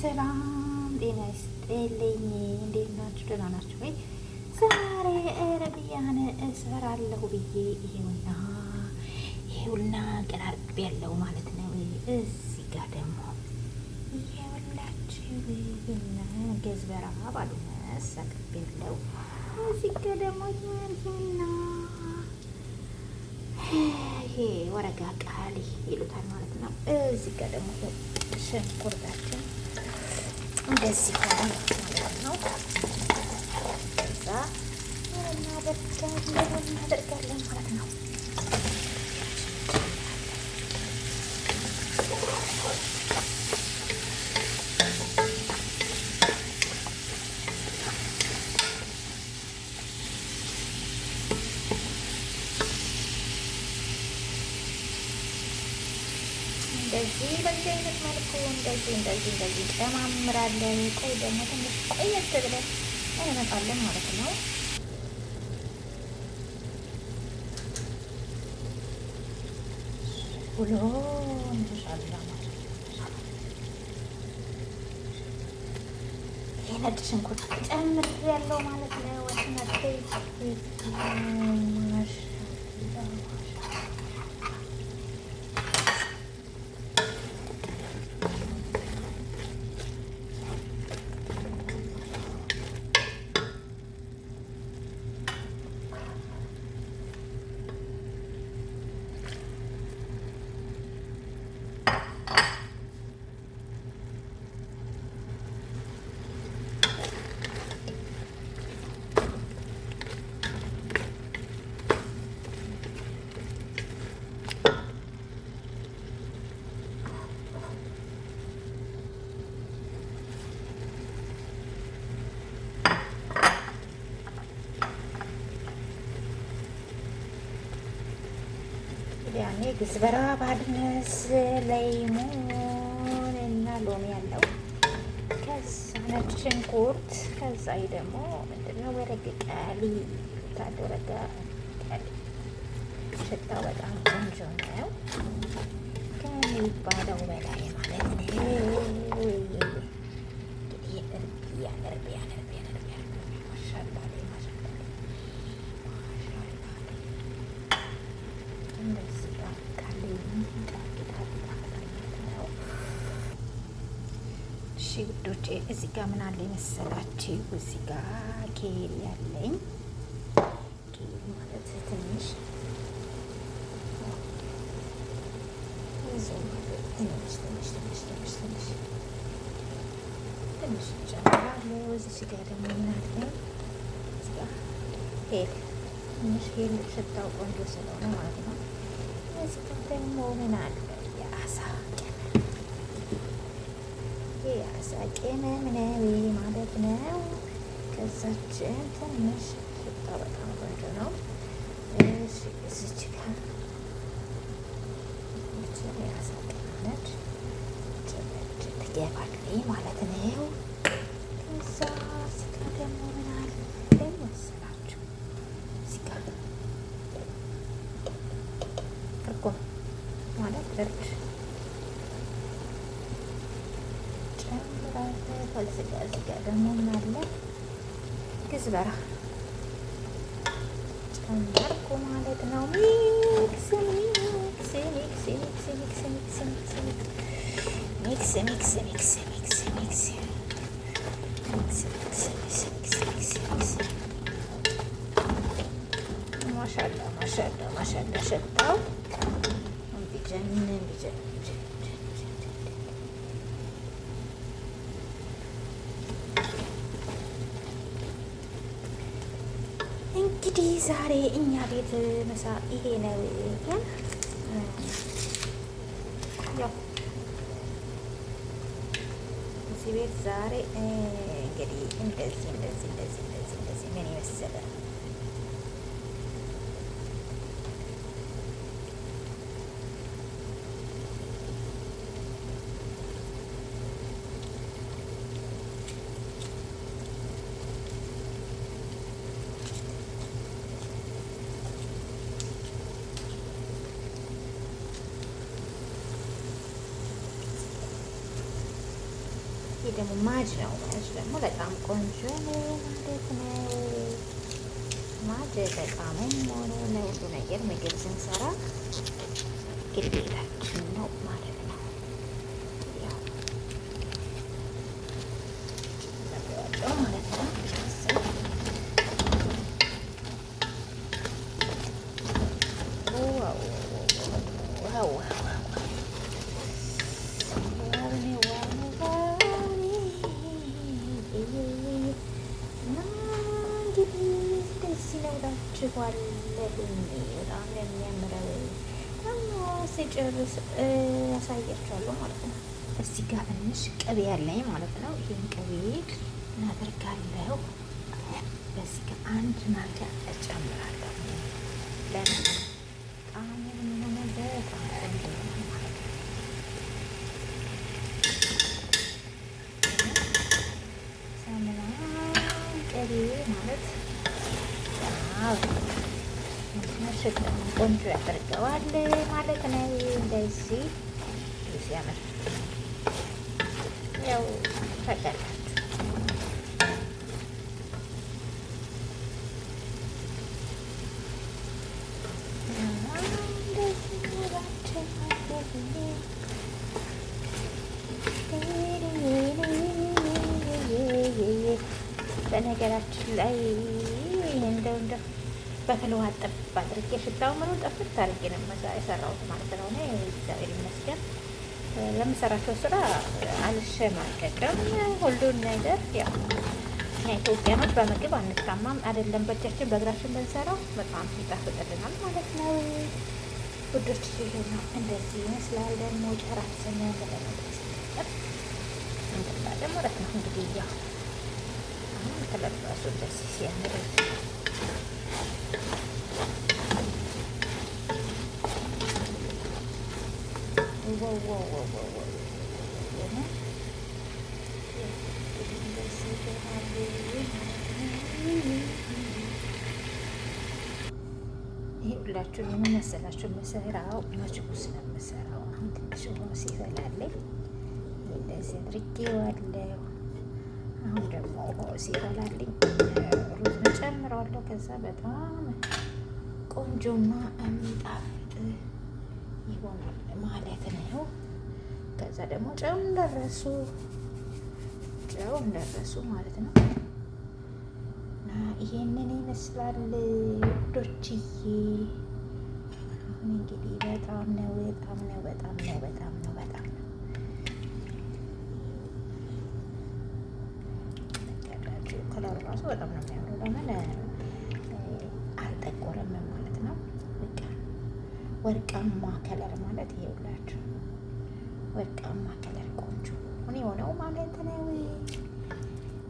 ሰላም ጤና ይስጥልኝ። እንዴት ናችሁ? ደህና ናችሁ ወይ? ዛሬ ረብያን እሰራለሁ ብዬ ይሄውና ይሄውና ቀራርብ ያለው ማለት ነው። እዚህ ጋር ደግሞ ይሄውላችሁ እና ገዝበራ ባሉነ ሰቅብ ያለው እዚህ ጋር ደግሞ ይሄውና ይሄ ወረጋ ቃል ይሉታል ማለት ነው። እዚህ ጋር ደግሞ ሽንኩርታችን እንደዚህ ሆነ ማለት ነው። ከዛ እናደርጋለን እናደርጋለን ማለት ነው። እንደዚህ በዚህ አይነት መልኩ እንደዚህ እንደዚህ እንደዚህ ጨማምራለን። ቆይ ደግሞ ትንሽ ቆየት ብለን እንመጣለን ማለት ነው። ሁሎ ንሻላ የነጭ ሽንኩርት ጨምር ያለው ማለት ነው። ወስነት ማሽ ብዝበራ ባድነስ ለይሞን እና ሎሚ ያለው ከዛ ነጭ ሽንኩርት ከዛ ይ ደግሞ ምንድነው ወረግ ቀሊ ታደረገ ቀሊ ሽታ በጣም ቆንጆ ነው ከሚባለው በላይ ማለት ነው። እንግዲህ እርብያ እርብያ እርብያ እሺ ውዶቼ እዚህ ጋር ምን አለ መሰላችሁ? እዚህ ጋር ኬል ያለኝ ኬል ማለት ትንሽ ትንሽ ጨምራለሁ። እዚህ ጋር ደግሞ ምን አለኝ? ሄል ትንሽ ሄል ሽታው ቆንጆ ስለሆነ ማለት ነው። እዚህ ጋር ደግሞ ምን አለ? የአሳ Hey, I said, came in and I might have been out. Cause a gentleman, oh, I don't know. አለበት። ከዚህ ጋር እዚህ ጋር ደግሞ ምናለ ግዝበራ ጨመርኩ ማለት ነው። ሚክስ ሚክስ ሚክስ ሚክስ ሚክስ ሚክስ ሚክስ ሚክስ ሚክስ ሚክስ ሚክስ ማሻላ ማሻላ ማሻላ ሸጣው ቢጀንን ቢጀንን ቢጀንን እንግዲህ ዛሬ እኛ ቤት ምሳ ይሄ ነው። እዚህ ቤት ዛሬ እንግዲህ እንደዚህ እንደዚህ እንደዚህ እንደዚህ ምን ይመስላል? ይህ ደግሞ ማጅ ነው። ማጅ ደግሞ በጣም ቆንጆ ነው ማለት ነው። ማጅ በጣምም ሆነ ለሁሉ ነገር ምግብ ስንሰራ ግዴታችን ነው ማለት ነው። ስጨርስ ያሳያቸዋለሁ ማለት ነው። እዚህ ጋር ትንሽ ቅቤ ያለኝ ማለት ነው። ይህን ቅቤ እናደርጋለሁ። በዚህ ጋር አንድ ማንኪያ እጨምራለሁ። ቅቤ ማለት ስጋው ቆንጆ ያደርገዋል ማለት ነው። እንደዚህ ሲያምር ያው ታውቃላችሁ። በነገራችን ላይ በተለዋ ጥብ አድርጌ ሽታው ምኑ ጠፍት አድርጌ ነው የሰራሁት ማለት ነው። እኔ እግዚአብሔር ይመስገን ለምሰራቸው ስራ አልሸማቀቅም። ሁሉን ነገር ያው እኛ ኢትዮጵያኖች በምግብ አንታማም አይደለም፣ በእጃችን በእግራችን ብንሰራው በጣም ይጣፍጥልናል ማለት ነው። ውዶች ይሄና እንደዚህ ይመስላል። ደግሞ ጨራስን በለመለስ እንጠጣለን ማለት ነው። እንግዲህ ያው አሁን ተለባሱ ደስ ሲያምር ይሄ ሁላችሁ ምን መሰላችሁ የምሰራው መችኩስ ነው የምሰራው። አሁን ትንሽ ሆኖ ሲፈላልኝ እንደዚህ አድርጌዋለሁ። አሁን ደግሞ ሲፈላልኝ አደርገዋለሁ። ከዛ በጣም ቆንጆና የሚጣፍጥ ይሆናል ማለት ነው። ከዛ ደግሞ ጨው እንደረሱ ጨው እንደረሱ ማለት ነው እና ይሄንን ይመስላል ውዶችዬ። አሁን እንግዲህ በጣም ነው በጣም ነው በጣም ነው በጣም ነው በጣም ነው ከለሩ ራሱ በጣም ነው የሚያምረው ለምን ወርቃማ ከለር ማለት ይሄውላችሁ፣ ወርቃማ ከለር ቆንጆ ሁን የሆነው ማለት ነው።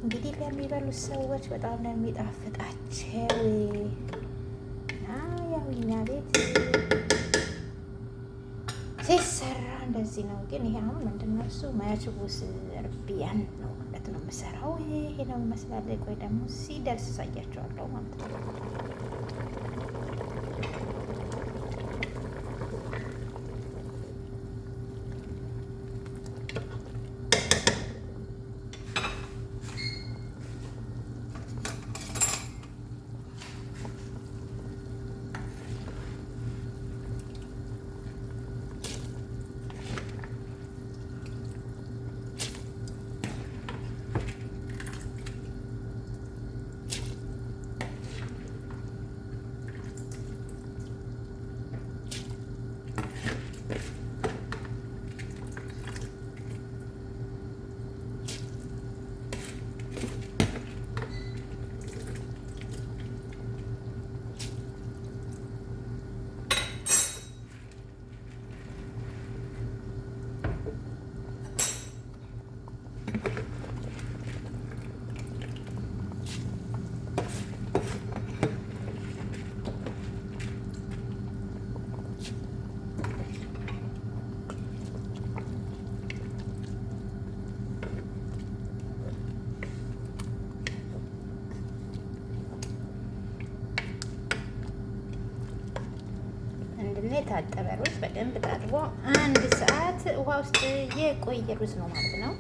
እንግዲህ ለሚበሉት ሰዎች በጣም ነው የሚጣፍጣቸው። እና ያው እኛ ቤት ሲሰራ እንደዚህ ነው። ግን ይሄ አሁን ምንድን ነው እሱ መችቡስ እርቢያን ነው ማለት ነው የምሰራው። ይሄ ነው ይመስላል። ቆይ ደግሞ ሲደርስ እሳያቸዋለሁ ማለት ነው። እና የታጠበ ሩዝ በደንብ ታጥቦ አንድ ሰዓት ውሃ ውስጥ የቆየ ሩዝ ነው ማለት ነው።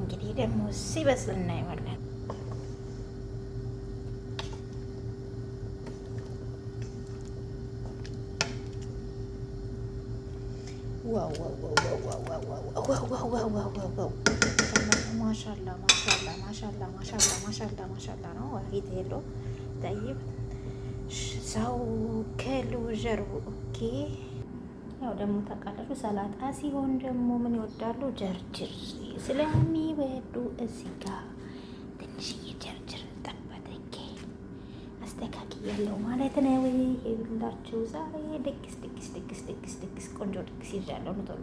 እንግዲህ ደግሞ ሲበስል እናየዋለን። ማሻላ ማሻላ ማሻላ ማሻላ ማሻላ ማሻላ ነው ጠይብ ሰው ከሉ ጀርቡ ያው ደግሞ ታውቃላችሁ ሰላጣ ሲሆን ደግሞ ምን ይወዳሉ? ጀርጅር ስለሚወዱ እዚህ ጋር ትንሽዬ ጀርጅር ጠበተኬ አስተካክያለሁ ማለት ነው። ይኸውላችሁ ዛሬ ድግስ ድግስ ድግስ ድግስ ድግስ ቆንጆ ድግስ ይዣለሁ ቶሎ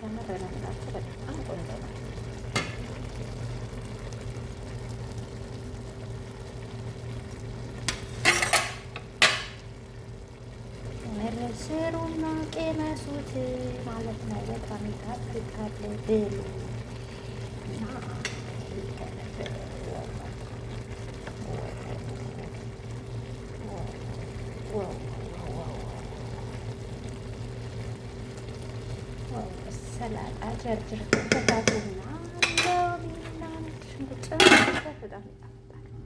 ሲያምር በነገራችሁ በጣም ቆንጆ ነው። ስሩና ቅመሱት ማለት ነው። በጣም ይጣፍጣል ብሉ እና ጀርጅር ተካቱና ሽንኩርት በጣም